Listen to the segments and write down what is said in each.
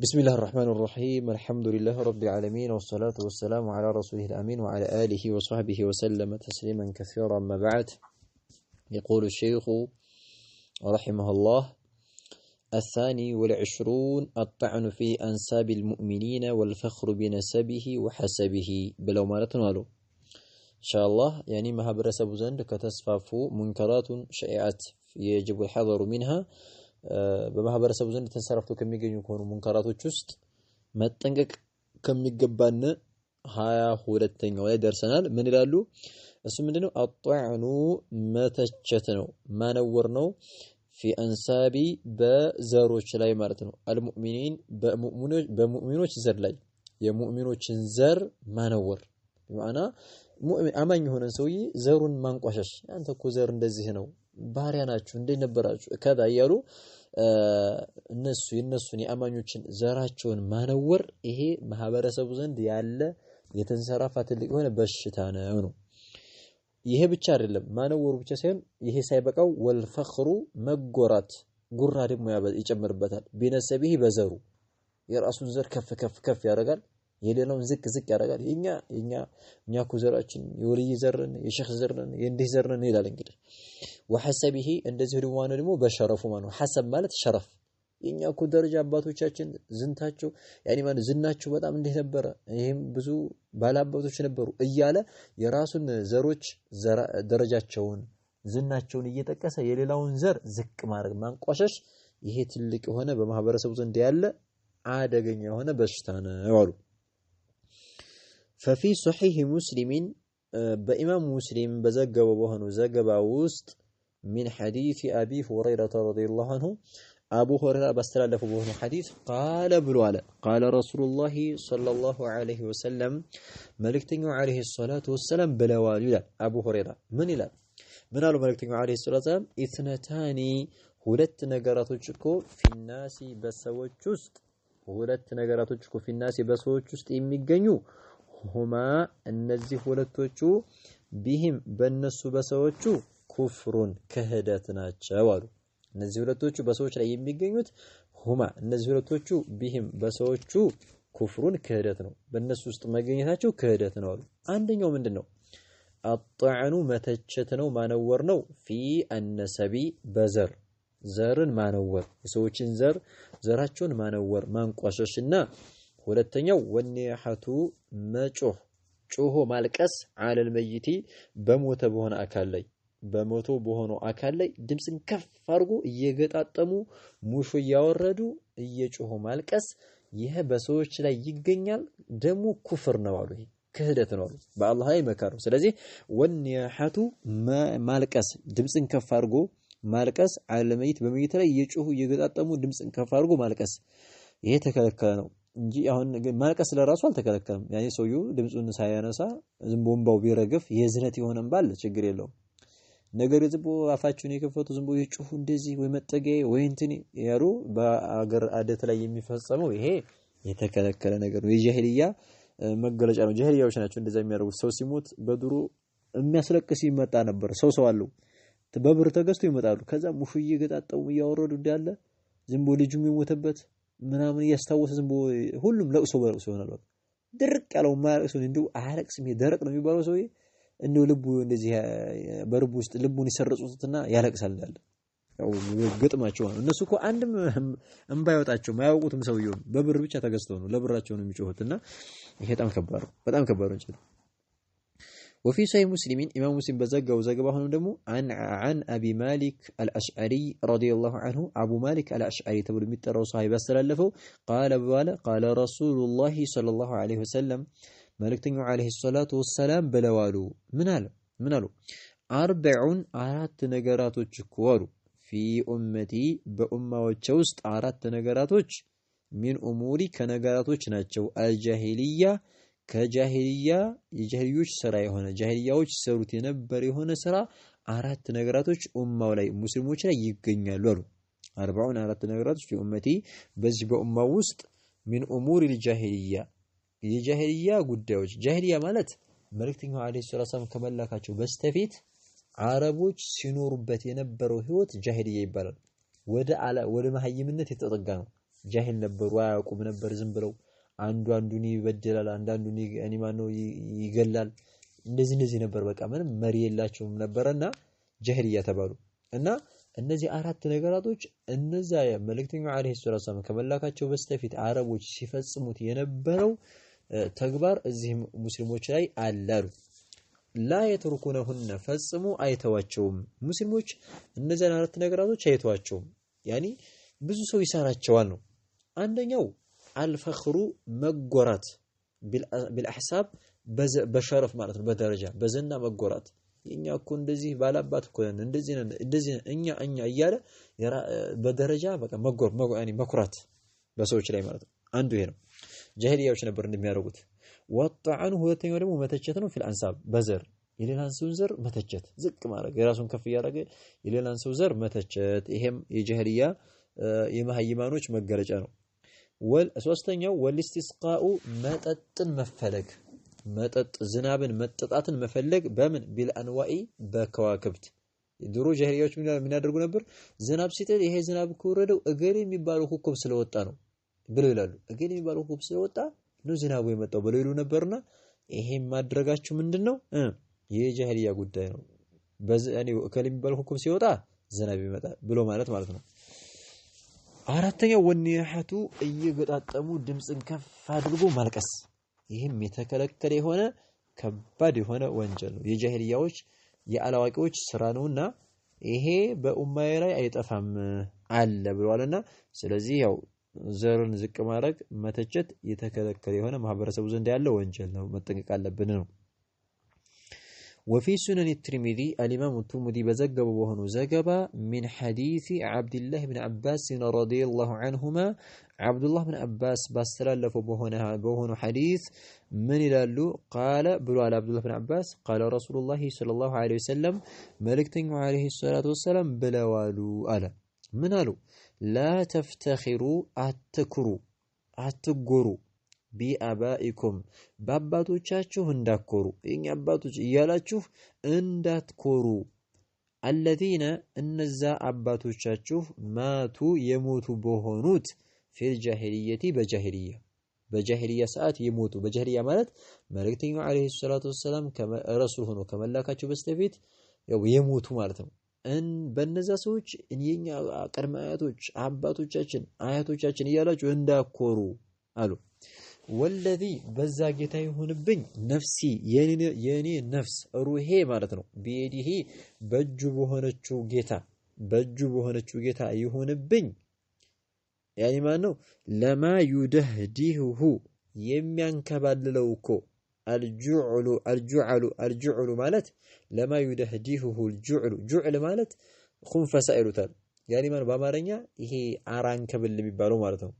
بسم الله الرحمن الرحيم الحمد لله رب العالمين والصلاة والسلام على رسوله الأمين وعلى آله وصحبه وسلم تسليما كثيرا ما بعد يقول الشيخ رحمه الله الثاني والعشرون الطعن في أنساب المؤمنين والفخر بنسبه وحسبه بلو ما نتنالو إن شاء الله يعني ما هبرس أبو زند تسفاف منكرات شائعة يجب الحذر منها በማህበረሰቡ ዘንድ ተንሰራፍቶ ከሚገኙ ከሆኑ ሙንከራቶች ውስጥ መጠንቀቅ ከሚገባን ሀያ ሁለተኛው ላይ ደርሰናል። ምን ይላሉ? እሱ ምንድነው? አጧዕኑ መተቸት ነው ማነወር ነው ፊ አንሳቢ በዘሮች ላይ ማለት ነው። አልሙእሚኒን በሙእሚኖች ዘር ላይ የሙእሚኖችን ዘር ማነወር በማዕና አማኝ የሆነ ሰውዬ ዘሩን ማንቋሸሽ። አንተ እኮ ዘር እንደዚህ ነው፣ ባህሪያ ናችሁ፣ እንዴት ነበራችሁ ከዛ እያሉ እነሱ የእነሱን የአማኞችን ዘራቸውን ማነወር ይሄ ማህበረሰቡ ዘንድ ያለ የተንሰራፋ ትልቅ የሆነ በሽታ ነው ነው። ይሄ ብቻ አይደለም ማነወሩ ብቻ ሳይሆን ይሄ ሳይበቃው ወልፈክሩ መጎራት ጉራ ደግሞ ይጨምርበታል። ቢነሰብ ይሄ በዘሩ የራሱን ዘር ከፍ ከፍ ከፍ ያደርጋል። የሌላውን ዝቅ ዝቅ ያደርጋል። እኛ እኛ እኛ እኮ ዘራችን የወልይ ዘርን የሸክ ዘርን የእንዲህ ዘርን ይላል እንግዲህ ወሐሰቢሂ እንደዚህ ደግሞ ነው ደግሞ በሸረፉ ማለት ሐሰብ ማለት ሸረፍ። የኛ እኮ ደረጃ አባቶቻችን ዝንታቸው ያኔ ማለት ዝናቸው በጣም እንዴት ነበረ፣ ይሄም ብዙ ባላባቶች ነበሩ እያለ የራሱን ዘሮች ደረጃቸውን ዝናቸውን እየጠቀሰ የሌላውን ዘር ዝቅ ማድረግ ማንቋሸሽ፣ ይሄ ትልቅ የሆነ በማህበረሰቡ ዘንድ ያለ አደገኛ የሆነ በሽታ ነው አሉ። ፈፊ ሶሒህ ሙስሊሚን በኢማም ሙስሊም በዘገበው በሆነው ዘገባ ውስጥ من حديث أبي هريرة رضي الله عنه أبو هريرة له بهم حديث قال بلوالا قال رسول الله صلى الله عليه وسلم ملكتني عليه الصلاة والسلام بلوالا أبو هريرة من إلى من قالوا ملكتني عليه الصلاة والسلام اثنتان هلت ሁለት ነገራቶች እኮ ፊናሲ በሰዎች ውስጥ ሁለት ነገራቶች እኮ ፊናሲ በሰዎች ውስጥ የሚገኙ ሁማ እነዚህ ሁለቶቹ ቢህም በእነሱ በሰዎቹ ኩፍሩን ክህደት ናቸው አሉ። እነዚህ ሁለቶቹ በሰዎች ላይ የሚገኙት ሁማ እነዚህ ሁለቶቹ ቢህም በሰዎቹ ኩፍሩን ክህደት ነው፣ በእነሱ ውስጥ መገኘታቸው ክህደት ነው አሉ። አንደኛው ምንድን ነው? አጣዕኑ መተቸት ነው ማነወር ነው። ፊ አነሰቢ በዘር ዘርን ማነወር የሰዎችን ዘር ዘራቸውን ማነወር ማንቋሸሽና ሁለተኛው ወኒሐቱ መጮህ ጮሆ ማልቀስ አለል መይቲ በሞተ በሆነ አካል ላይ በመቶ በሆነው አካል ላይ ድምፅን ከፍ አድርጎ እየገጣጠሙ ሙሾ እያወረዱ እየጮሆ ማልቀስ ይህ በሰዎች ላይ ይገኛል። ደግሞ ኩፍር ነው አሉ፣ ክህደት ነው አሉ፣ በአላህ ላይ መካሩ። ስለዚህ ወኒያሐቱ ማልቀስ፣ ድምፅን ከፍ አድርጎ ማልቀስ፣ አለመይት በመይት ላይ እየጮሁ እየገጣጠሙ ድምፅን ከፍ አድርጎ ማልቀስ፣ ይሄ ተከለከለ ነው እንጂ አሁን ማልቀስ ለራሱ አልተከለከለም። ያኔ ሰውዬው ድምፁን ሳያነሳ ዝም ቦምባው ቢረግፍ የዝነት የሆነ እምባ ችግር የለውም። ነገር ዝቦ አፋቸውን የከፈቱ ዝም ብሎ እንደዚህ ወይ መጠገያ ወይ እንትን ያሉ በአገር አደት ላይ የሚፈጸመው ይሄ የተከለከለ ነገር ነው። የጃሂልያ መገለጫ ነው። ጃሂልያዎች ናቸው እንደዛ የሚያደርጉት። ሰው ሲሞት በድሮ የሚያስለቅስ ይመጣ ነበር። ሰው ሰው አለው በብር ተገዝቶ ይመጣሉ። ከዛ ሙሽ እየገጣጠሙ እያወረዱ እንዳለ ዝም ብሎ ልጁም ምናምን እያስታወሰ ዝም ብሎ ሁሉም ለቅሶ በለቅሶ ይሆናል። ድርቅ ያለው ማያለቅሰው እንደው አያለቅስም። ደረቅ ነው የሚባለው ሰውዬ እንዲሁ ልቡ እንደዚህ በርቡ ውስጥ ልቡን ይሰርጹትና ያለቅሳል እንዳለ ያው ግጥማቸው ነው። እነሱ እኮ አንድም እምባ አይወጣቸውም አያውቁትም። ሰውየው በብር ብቻ ተገዝተው ነው ለብራቸው ነው ይሄ በጣም ከባድ ነው፣ በጣም ከባድ ነው። እንጨት ወፊ ሶሂህ ሙስሊሚን ኢማም ሙስሊም በዘጋው ዘገባ ሆኖ ደግሞ አን አቢ ማሊክ አልአሽዓሪ ረዲየላሁ አንሁ አቡ ማሊክ አልአሽዓሪ ተብሎ የሚጠራው ሰሃቢ ያስተላለፈው ቃለ በኋላ ቃለ ረሱሉላሂ ሰለላሁ ዐለይሂ ወሰለም መልእክተኛው ዓለይሂ ሰላቱ ወሰላም ብለዋሉ። ምን አሉ? አርበዑን አራት ነገራቶች እኮ አሉ ፊ ኡመቲ በኡማዎቼ ውስጥ አራት ነገራቶች ሚን ኡሙሪ ከነገራቶች ናቸው። አልጃሂልያ ከጃሂልያ የጃሂልዮች ስራ የሆነ ጃሂልያዎች ሰሩት የነበር የሆነ ስራ አራት ነገራቶች ኡማው ላይ ሙስሊሞች ላይ ይገኛሉ አሉ። አርበዑን አራት ነገራቶች ፊ ኡመቲ በዚህ በኡማው ውስጥ ሚን ኡሙሪ ልጃሂልያ የጃሂልያ ጉዳዮች ጃሂልያ ማለት መልእክተኛው ዓለይሂ ሰላቱ ከመላካቸው በስተፊት አረቦች ሲኖሩበት የነበረው ህይወት ጃሂልያ ይባላል። ወደ አለ ወደ መሐይምነት የተጠጋ ነው። ጃሂል ነበሩ፣ አያውቁም ነበር። ዝም ብለው አንዱ አንዱን ይበድላል፣ አንዳንዱን እኔ ነው ይገላል። እንደዚህ እንደዚህ ነበር። በቃ ምንም መሪ የላቸውም ነበረና ጃሂልያ ተባሉ እና እነዚህ አራት ነገራቶች እነዚያ መልእክተኛው አለይሂ ሰላም ከመላካቸው በስተፊት አረቦች ሲፈጽሙት የነበረው ተግባር እዚህ ሙስሊሞች ላይ አላሉ። ላ የተሩኩነሁነ ፈጽሞ አይተዋቸውም። ሙስሊሞች እነዚያን አራት ነገራቶች አይተዋቸውም። ያኒ ብዙ ሰው ይሰራቸዋል ነው። አንደኛው አልፈኽሩ መጎራት ቢልአሕሳብ በሸረፍ ማለት ነው፣ በደረጃ በዝና መጎራት። እኛ እኮ እንደዚህ ባላባት እኮ ነን፣ እንደዚህ ነን፣ እንደዚህ ነን፣ እኛ እኛ እያለ በደረጃ በቃ መኩራት በሰዎች ላይ ማለት ነው። አንዱ ይሄ ነው። ጀህልያዎች ነበር እንደሚያደርጉት። ወጣዐኑ ሁለተኛው ደግሞ መተቸት ነው። ፊል በዘር የሌላን ሰው ዘር መተቸት፣ ዝቅ ማድረግ፣ የራሱን ከፍ እያደረገ የሌላን ሰው ዘር መተቸት። ይሄም የጀህልያ የመሀይማኖች መገለጫ ነው። ሶስተኛው ወልስቲስቃኡ መጠጥን መፈለግ መጠጥ ዝናብን መጠጣትን መፈለግ በምን ቢልአንዋኢ በከዋክብት ድሮ ጀህልያዎች ምን ያደርጉ ነበር? ዝናብ ሲጥል ይሄ ዝናብ ከወረደው እገሌ የሚባለው ኮከብ ስለወጣ ነው ብለው ይላሉ። ግን የሚባለው ሁብ ስለወጣ ነው ዝናቡ የመጣው ብለው ይሉ ነበርና ይሄም ማድረጋችሁ ምንድን ነው የጃህልያ ጉዳይ ነው። እከሌ የሚባል ሁክም ሲወጣ ዝናብ ይመጣ ብሎ ማለት ማለት ነው። አራተኛው ወኒያሐቱ እየገጣጠሙ ድምፅን ከፍ አድርጎ ማልቀስ፣ ይህም የተከለከለ የሆነ ከባድ የሆነ ወንጀል ነው። የጃህልያዎች የአላዋቂዎች ስራ ነውና ይሄ በኡማዬ ላይ አይጠፋም አለ ብለዋልና ስለዚህ ያው زرن زك مارك ما تجت يتكلك هنا ما حبر سبوزن ده الله وانجل ما تنك على بنو وفي سنن الترمذي الإمام الترمذي بزق أبوه نزقبا من حديث عبد الله بن عباس رضي الله عنهما عبد الله بن عباس بسر الله فبوه حديث من إلى اللو قال بلو على عبد الله بن عباس قال رسول الله صلى الله عليه وسلم ملك عليه الصلاة والسلام بلوالو ألا ምን አሉ? ላ ተፍተኺሩ አትኩሩ አትጎሩ ቢአባኢኩም በአባቶቻችሁ እንዳኮሩ የእኛ አባቶች እያላችሁ እንዳትኮሩ አለዚነ እነዛ አባቶቻችሁ ማቱ የሞቱ በሆኑት ፊል ጃሂልየቲ በጃሂልያ በጃሂልያ ሰዓት የሞቱ በጃሂልያ ማለት መልእክተኛው ዓለይሂ ሰላቱ ወሰላም ረሱል ሆኖ ከመላካቸው በስተፊት የሞቱ ማለት ነው። በእነዚያ ሰዎች እኛ ቅድመ አያቶች አባቶቻችን አያቶቻችን እያላችሁ እንዳኮሩ አሉ። ወለዚ በዛ ጌታ ይሁንብኝ ነፍሲ የኔ ነፍስ ሩሄ ማለት ነው። ቢየዲሂ በእጁ በሆነችው ጌታ በእጁ በሆነችው ጌታ ይሁንብኝ። ያኔ ማን ነው ለማ ዩደህዲሁ የሚያንከባልለው እኮ አልጁዕሉ አልጁዕሉ አልጁዕሉ ማለት ለማ ዩደህዲሁሁ አልጁዕሉ ጁዕል ማለት ኩንፈሳ ይሉታል። ማን በአማርኛ ይሄ አራንክብል የሚባለው ማለት ነው።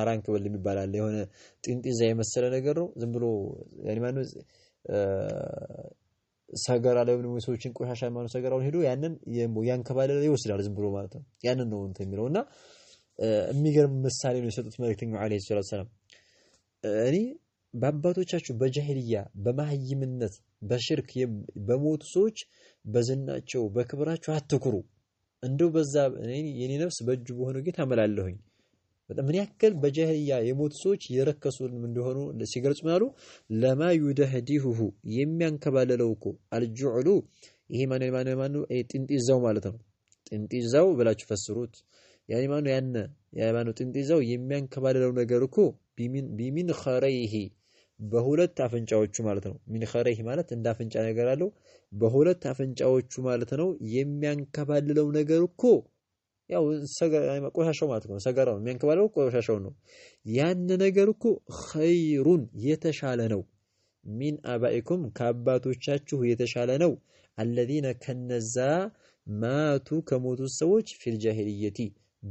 አራንክብል የሚባል አለ። የሆነ ጢንጢዛ የመሰለ ነገር ነው። ዝም ብሎ ያኒ ማን ሰገራ ላይ ወይም ሰዎችን ቆሻሻ ማለት ሰገራውን ሄዶ ያንን ያንከባለለ ይወስዳል ዝም ብሎ ማለት ነው። ያንን ነው እንትን የሚለው እና የሚገርም ምሳሌ ነው የሰጡት መልእክተኛው ዓለይሂ ሰላም እኔ በአባቶቻችሁ በጃሂልያ በማህይምነት በሽርክ በሞቱ ሰዎች በዝናቸው በክብራቸው አትኩሩ። እንደው በዛ የኔ ነፍስ በእጁ በሆነ ጌታ አመላለሁኝ። በጣም ምን ያክል በጃሂልያ የሞቱ ሰዎች የረከሱ እንደሆኑ ሲገልጹ ምናሉ ለማ ዩደህዲሁሁ የሚያንከባለለው እኮ አልጁዕሉ ይሄ ማን ማን ማን ጥንጢዛው ማለት ነው። ጥንጢዛው ብላችሁ ፈስሩት። ያኔ ማኑ ያነ ያማኑ ጥንጢዛው የሚያንከባለለው ነገር እኮ ቢሚን ቢሚን ኸረይሂ በሁለት አፍንጫዎቹ ማለት ነው። ሚን ማለት እንደ አፍንጫ ነገር አለው። በሁለት አፍንጫዎቹ ማለት ነው። የሚያንከባልለው ነገር እኮ ያው ቆሻሻው ማለት ነው። ሰገራው የሚያንከባልለው ቆሻሻው ነው። ያን ነገር እኮ ኸይሩን የተሻለ ነው። ሚን አባኢኩም ከአባቶቻችሁ የተሻለ ነው። አለዚነ ከነዛ ማቱ ከሞቱት ሰዎች ፊልጃሂልየቲ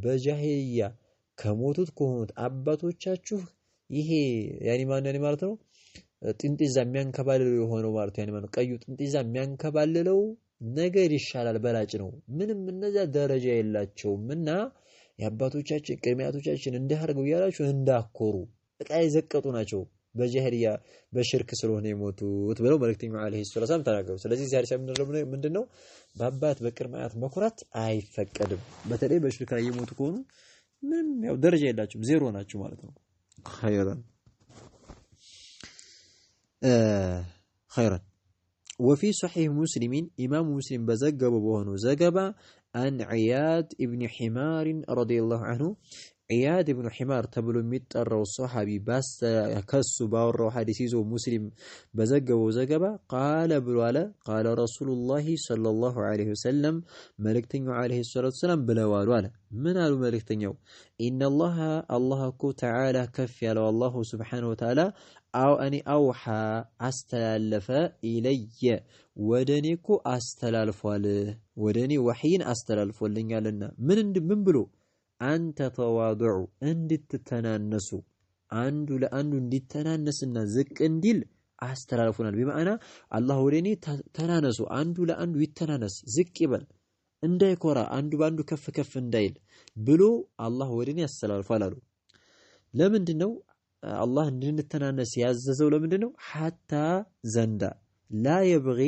በጃሂልያ ከሞቱት ከሆኑት አባቶቻችሁ ይሄ ያኒማን ያኒ ማለት ነው ጥንጢዛ የሚያንከባልለው የሆነው ማለት ነው። ያኒማን ቀዩ ጥንጢዛ የሚያንከባልለው ነገር ይሻላል በላጭ ነው። ምንም እነዚያ ደረጃ የላቸውም እና የአባቶቻችን ቅድመ አያቶቻችን እንዲህ አድርገው እያላችሁ እንዳኮሩ በቃ የዘቀጡ ናቸው። በጀህልያ በሽርክ ስለሆነ የሞቱት ብለው መልእክተኛው ዓለይሂ ሰላም ተናገሩ። ስለዚህ ዛሬ ምንድን ነው በአባት በቅድመ አያት መኩራት አይፈቀድም። በተለይ በሽርክ ላይ የሞቱ ከሆኑ ምንም ያው ደረጃ የላቸውም ዜሮ ናቸው ማለት ነው። خيرا آه، خيرا وفي صحيح مسلم إمام مسلم بزقب بوهن زقب عن عياد ابن حمار رضي الله عنه ኢያድ ብኑ ሒማር ተብሎ የሚጠራው ሰሓቢ ከሱ ባወራው ሐዲስ ይዞ ሙስሊም በዘገበው ዘገባ ቃለ ብሎ አለ ቃለ ረሱሉላሂ ሰለላሁ ዐለይሂ ወሰለም መልእክተኛው ዐለይሂ ሰላቱ ወሰላም ብለዋሉ አለ። ምን አሉ መልእክተኛው? ኢነላሃ አላህ እኮ ተዓላ ከፍ ያለው አላሁ ስብሓነሁ ወተዓላ እኔ አውሓ አስተላለፈ ኢለየ ወደ እኔ እኮ አስተላልፏል ወደ እኔ ወሕይን አስተላልፎልኛልና ምን ብሎ አንተ ተዋድዑ እንድትተናነሱ አንዱ ለአንዱ እንዲተናነስና ዝቅ እንዲል አስተላልፎናል። ቢማዕና አላህ ወደ እኔ ተናነሱ፣ አንዱ ለአንዱ ይተናነስ፣ ዝቅ ይበል፣ እንዳይኮራ፣ አንዱ በአንዱ ከፍ ከፍ እንዳይል ብሎ አላህ ወደ እኔ አስተላልፏል አሉ። ለምንድን ነው አላህ እንድንተናነስ ያዘዘው? ለምንድን ነው ሐታ ዘንዳ ላ የብጊ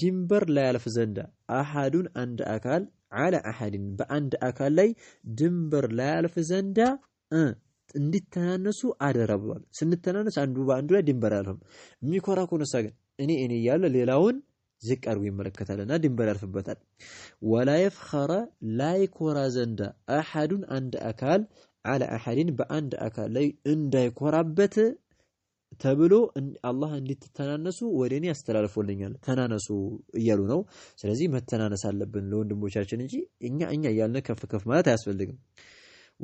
ድንበር ላያልፍ ዘንዳ አሃዱን አንድ አካል አለ አሐድን በአንድ አካል ላይ ድንበር ላያልፍ ዘንዳ እንዲተናነሱ አደራ ብሏል። ስንተናነስ አንዱ በአንዱ ላይ ድንበር ያልፍም። የሚኮራ ከሆነሳ ግን እኔ እኔ እያለ ሌላውን ዝቅ አድርጎ ይመለከታልና ድንበር ያልፍበታል። ወላ የፍኸረ ላይኮራ ዘንዳ አሐዱን አንድ አካል አለ አሐድን በአንድ አካል ላይ እንዳይኮራበት ተብሎ አላህ እንድትተናነሱ ወደ እኔ አስተላልፎልኛል። ተናነሱ እያሉ ነው። ስለዚህ መተናነስ አለብን ለወንድሞቻችን እንጂ እኛ እኛ እያልን ከፍ ከፍ ማለት አያስፈልግም።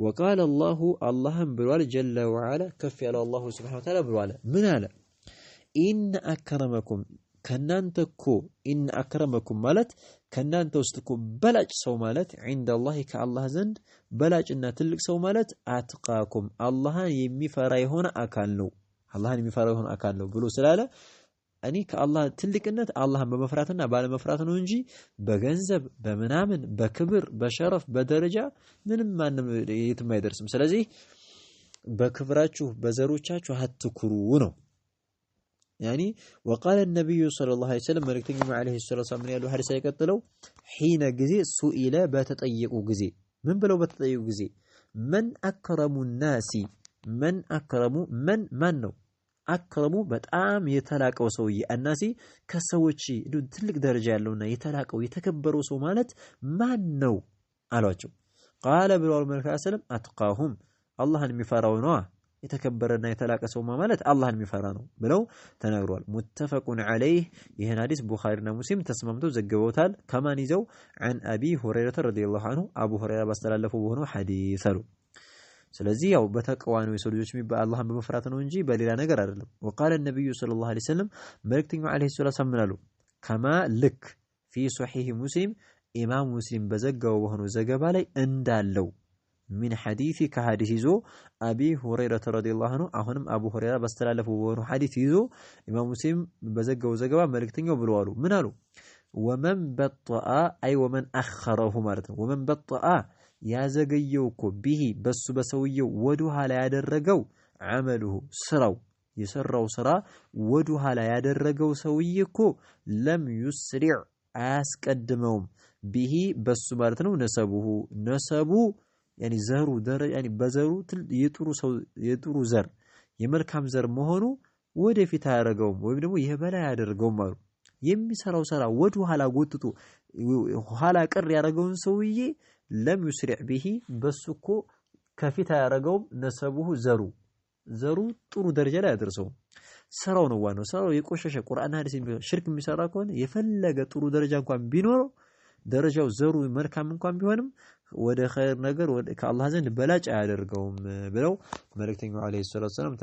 ወቃለ አላሁ አላህም ብሏል። ጀለ ወዓላ ከፍ ያለው አላሁ ሱብሓነሁ ወተዓላ ብሏል። ምን አለ? ኢነ አከረመኩም ከናንተ እኮ ኢነ አከረመኩም ማለት ከናንተ ውስጥ እኮ በላጭ ሰው ማለት ዒንደ አላህ ከአላህ ዘንድ በላጭና ትልቅ ሰው ማለት አትቃኩም አላህን የሚፈራ የሆነ አካል ነው አላህን የሚፈራውን አካል ነው ብሎ ስላለ እኔ ከአላህ ትልቅነት አላህን በመፍራትና ባለመፍራት ነው እንጂ በገንዘብ በምናምን በክብር በሸረፍ በደረጃ ምንም ማንም የትም አይደርስም። ስለዚህ በክብራችሁ በዘሮቻችሁ አትኩሩ ነው። ያኒ ወቃለ ነቢዩ ሰለላሁ ዐለይሂ ወሰለም መልእክተኛው ዐለይሂ ሰላም ምን ያሉ ሐዲስ አይቀጥለው ሒነ ጊዜ ሱኢለ በተጠየቁ ጊዜ ምን ብለው በተጠየቁ ጊዜ መን አክረሙ ናሲ መን አክረሙ መን ማን ነው አክረሙ በጣም የተላቀው ሰውዬ አናሲ ከሰዎች ትልቅ ደረጃ ያለውና የተላቀው የተከበረው ሰው ማለት ማን ነው አሏቸው። ቃለ ብለዋል መልክዓ ሰለም አትቃሁም አላህን የሚፈራው ነዋ። የተከበረና የተላቀ ሰው ማለት አላህን የሚፈራ ነው ብለው ተናግረዋል። ሙተፈቁን ዐለይህ ይህን ሐዲስ ቡኻሪና ሙስሊም ተስማምተው ዘግበውታል። ከማን ይዘው? አን አቢ ሁረይረተ ረዲየላሁ አንሁ አቡ ሁረይራ ባስተላለፈው በሆነው ሐዲስ አሉ። سلزي أو بتك وأنا يسول جوش مي بالله بمفرات نونجي بل إلى نجر أرلم وقال النبي صلى الله عليه وسلم مركتين عليه الصلاة والسلام منالو كما لك في صحيح مسلم إمام مسلم بزق وهن زق بالي أندالو من حديث كحديث زو أبي هريرة رضي الله عنه أهنم أبو هريرة بستلالف وهن حديث زو إمام مسلم بزق وزق بالي مركتين وبروالو منالو ومن بطأ أي ومن أخره مرتب ومن بطأ ያዘገየው እኮ ቢሂ በሱ በሰውየው ወዱ ኋላ ያደረገው አመልሁ ስራው የሰራው ስራ ወዱ ኋላ ያደረገው ሰውዬ እኮ ለም ዩስሪዕ አያስቀድመውም። ቢሂ በሱ ማለት ነው። ነሰቡሁ ነሰቡ ዘሩ በዘሩ የጥሩ ዘር የመልካም ዘር መሆኑ ወደፊት አያደርገውም ወይም ደግሞ የበላይ አያደርገውም አሉ። የሚሰራው ስራ ወዱ ኋላ ጎትቶ ኋላ ቅር ያደረገውን ሰውዬ ለም ዩስሪዕ ቢሂ በሱ እኮ ከፊት አያደረገውም። ነሰቡሁ ዘሩ ዘሩ ጥሩ ደረጃ ላይ አያደርሰውም። ስራው ነው ዋናው። ስራው የቆሸሸ ቁርአን ሐዲስ ሽርክ የሚሰራ ከሆነ የፈለገ ጥሩ ደረጃ እንኳን ቢኖረው ደረጃው ዘሩ መልካም እንኳን ቢሆንም ወደ ኸይር ነገር ከአላህ ዘንድ በላጭ አያደርገውም ብለው መልእክተኛው ዓለይሂ ሰላቱ ወሰላም